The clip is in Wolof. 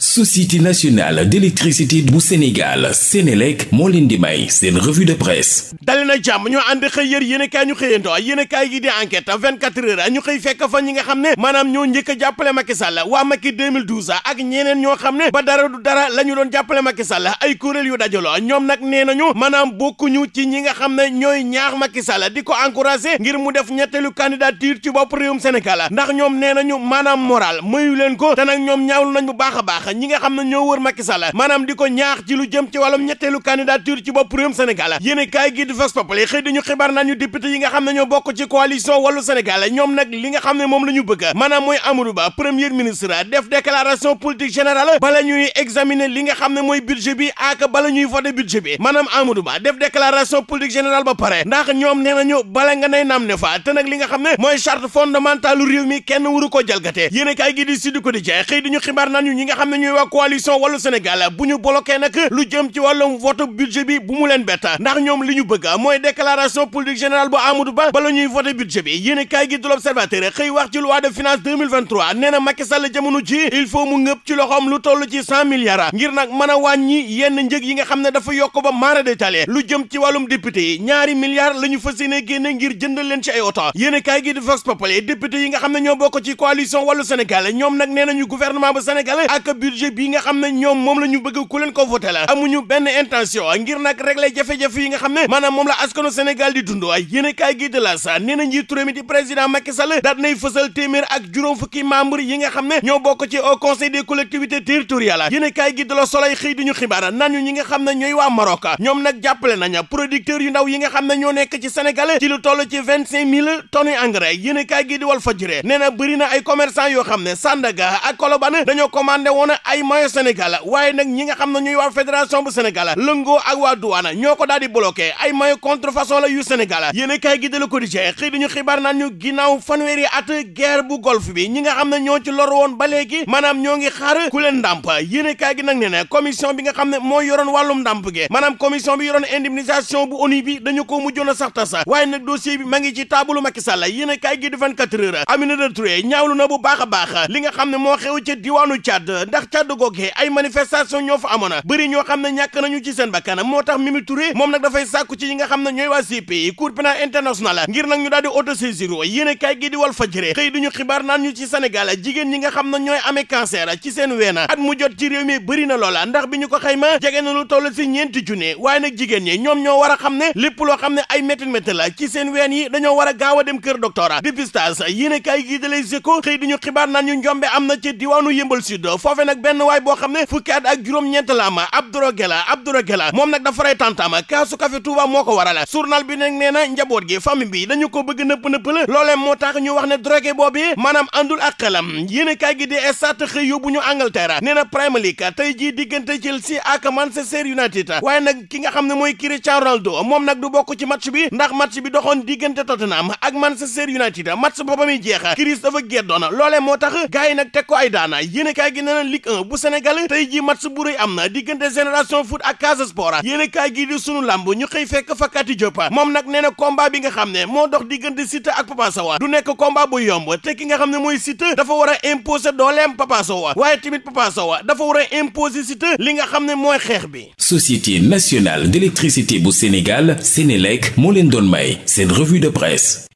société nationale d'électricité bu Sénégal Sénélec moo leen di may seen revue de presse dali na jàmm ñoo ànd xëy yër kaa ñu xëyanto yéenekaay gi di enquête 24 heures ñu xëy fekk fa ñi nga xam ne maanaam ñoo njëkk a jàppale Macky Sall waa Macky 2012 ak ñeneen ñoo xam ne ba dara du dara la doon jàppale Macky Sall ay kuréel yu dajaloo ñoom nag nee nañu maanaam bokkuñu ci ñi nga xam ne ñooy ñaax Macky Sall di ko encouragé ngir mu def ñetteelu candidature ci bopp réewum Sénégal ndax ñoom nee nañu maanaam moral mayu leen ko te nag ñoom ñaawlu nañ bu baax a baax ñaax ñi nga xam ne ñoo wër Macky Sall maanaam di ko ñaax ci jëm ci wàllum ñetteelu candidature ci bopp réewum Sénégal yéen kaay gi di Vox Populi xëy dañu xibaar nañu député yi nga bokk ci coalition Wallu Sénégal ñoom nag li nga xam ne moom la ñu bëgg maanaam mooy Amadou Ba premier ministre def déclaration politique générale bala ñuy examiner li nga ne mooy budget bi bala ñuy voter budget bi maanaam def déclaration politique générale ba pare ndax ñoom ko jalgate yéen kaay ne ñuy waa coalition wàllu Sénégal bu ñu bloqué nag lu jëm ci wàllum vote budget bi bu mu leen bett ndax ñoom li ñu bëgg mooy déclaration politique générale bu Amadou Ba bala ñuy vote budget bi yéen kaay gi du l'Observateur xëy wax ci loi de finance 2023 nee na Macky Sall jamono ji il faut mu ngëb ci loxoom lu toll ci cent milliards ngir nag mën a wàññi yenn njëg yi nga xam ne dafa yokk ba maara détaillé lu jëm ci wàllum député yi ñaari milliards la ñu ngir jëndal leen ci ay oto yéen kaay gi xam ne ñoo bokk ci coalition wàllu Sénégal ñoom nag nee nañu gouvernement bu budget bi nga xam ne ñoom moom la ñu bëgg ku leen ko voté la amuñu benn intention ngir nag régler jafe-jafe yi nga xam ne maanaam moom la askanu Sénégal di dund ay yéen a kaay gi de la sa nee na juróom fukki membre yi nga xam ne ñoo bokk ci au conseil des collectivités territoriales yéen a kaay gi de la Soleil xëy di ñu xibaar naan ñu nga xam ne ñooy waa Maroc ñoom nag jàppale nañu producteurs yu ndaw yi nga xam ne ñoo nekk ci Sénégal ci lu toll ci yoo xam ne Sandaga ay moyen Sénégal waaye nag ñi nga xam na ñuy waa fédération bu Sénégal lëngoo ak waa douane ñoo ko daal di bloqué ay moyen contrefaçon la yu Sénégal yéen a kaay gi la Quotidien xëy dañu xibaar naan ñu ginnaaw fanweeri at guerre bu golfe bi ñi nga xam ne ñoo ci lor woon ba léegi maanaam ñoo ngi xaar ku leen ndàmp yéen gi nag nee na commission bi nga xam ne moo yoroon wàllum ndàmp gi maanaam commission bi yoroon indemnisation bu ONU bi dañu ko mujjoon a sax tasa ngi ci taabalu Macky a baax a nga xam ne moo xew ndax càddu googee ay manifestation ñoo fa amoon bëri ñoo xam ne ñàkk nañu ci seen bakkan moo tax Mimi Touré moom nag dafay sàkku ci ñi nga xam ne ñooy waa CPI Cour pénale internationale ngir nag ñu daal di autosaisir yéen a kaay gi di wal fa jëre xëy duñu xibaar naan ñu ci Sénégal jigéen ñi nga xam ne ñooy amee cancer ci seen weena at mu jot ci réew bëri na loola ndax bi ñu ko xayma jege na lu toll si ñeenti junne waaye nag jigéen ñi ñoom ñoo war a xam ne lépp loo xam ne ay métti métti la ci seen ween yi dañoo war a gaaw a kër docteur dépistage yéen a kaay gi di lay seko xëy xibaar naan ñu njombe am na ci diwaanu yëmbal sud foofe nag benn waay boo xam ne fukki at ak juróom-ñeent la ama ab drogué la ab drogué la moom nag dafa rey tàntaama kaasu café Touba moo ko waral journal bi nag nee na njaboot gi famille bi dañu ko bëgg nëpp nëpp la loolee moo tax ñu wax ne drogué boobu maanaam àndul ak xelam yéen kaa gi di estat xëy yóbbu ñu Angleterre nee na Premier League tey jii diggante Chelsea ak Manchester United waaye nag ki nga xam ne mooy Cristiano Ronaldo moom nag du bokk ci match bi ndax match bi doxoon diggante Tottenham ak Manchester United match booba muy jeex Chris dafa géddoon loolee moo tax gars yi nag teg ko ay Ligue 1 bu Sénégal tey ji match bu rëy am na diggante génération foot ak Casa Sport yéen a kaay gii di sunu lamb ñu xëy fekk fa Kati Diop moom nag nee na combat bi nga xam ne moo dox diggante Siteu ak Papa Sow du nekk combat bu yomb te ki nga xam ne mooy Siteu dafa war a imposer dooleem Papa Sow waaye tamit Papa Sow dafa war a imposer Siteu li nga xam ne mooy xeex bi. Société nationale d'électricité bu Sénégal Sénélec moo leen doon may seen revue de presse.